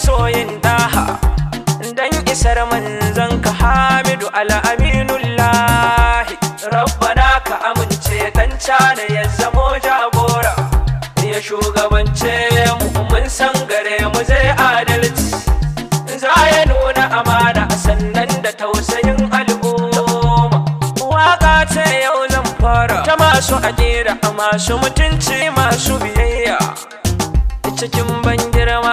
masoyin daha dan isar manzan ka hamidu al'aminullahi rabbana ka amince dan cana ya zamo jagora ya shugabance mu mun san gare mu zai adalci za ya nuna amana sannan da tausayin al'umma waka ce yau zan fara ta masu adira masu mutunci masu biyayya cikin ban girma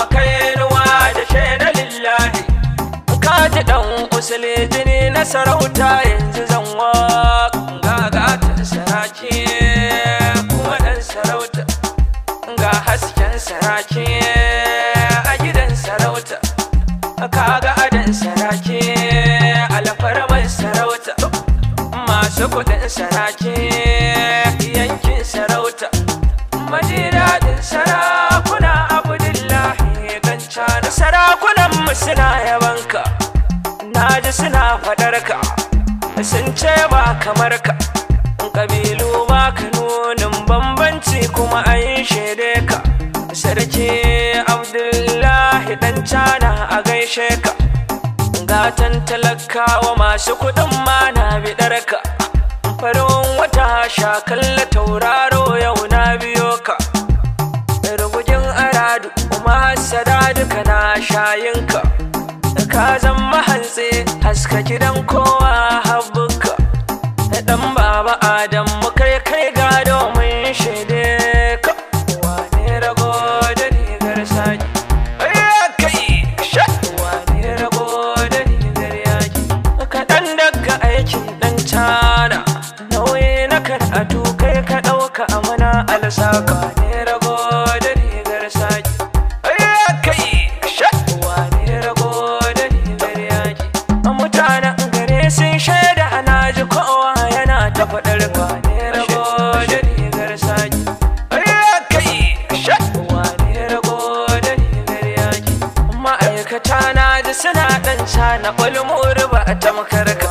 Musule jini na sarauta yanzu zan Ga Gagatar saraki kuma dan sarauta Ga hasken saraki a gidan sarauta Kaga adan saraki alfarman sarauta Masu kudin saraki yankin sarauta Madinadin sarakuna Abdullahi ganca da sarakunan musuna yaba suna faɗar ka sun ce ba kamar ka kabilu ba ka nunin bambanci kuma an shaide ka sarki abdullahi dan cana a gaishe ka gatan talakawa masu kuɗin mana bidar ka farin wata shakalla tauraro yau na biyo ka rugujin aradu kuma sada duka na shayinka ka zan haska gidan kowa habbuka dan baba adam na ulmur ba a tamkar ka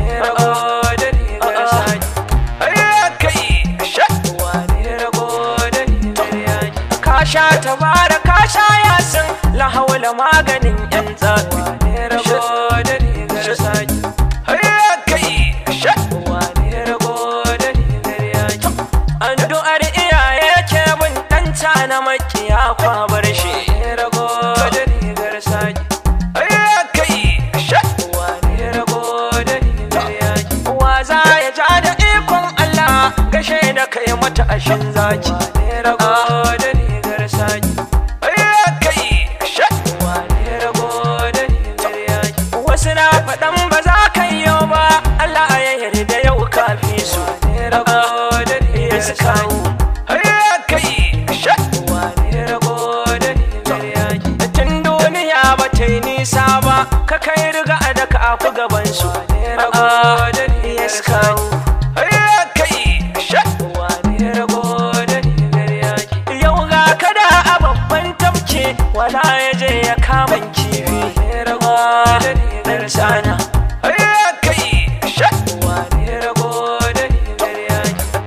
maganin yan zafi rabo da rigar saki har ya kai wane rabo da rigar yaki an du'ar iyaye ke mun na makiya kwabar shi shafi gabansu a'a yes kawo yau ga kada a babban tafke wala ya je ya kama kifi ɗan sana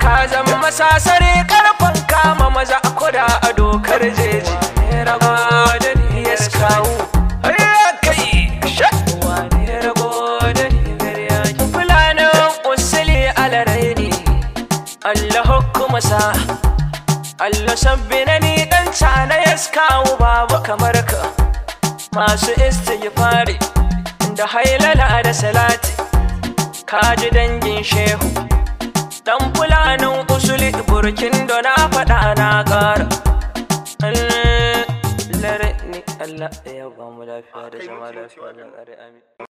ka zama sasari kasa Allah sabbi na ni dan na skawo babu kamar ka masu istighfari da hailala da salati kaji dangin shehu dan fulanin usuli burkin da na faɗa na ƙara Allah ya ba mu lafiya da zama lafiya da amin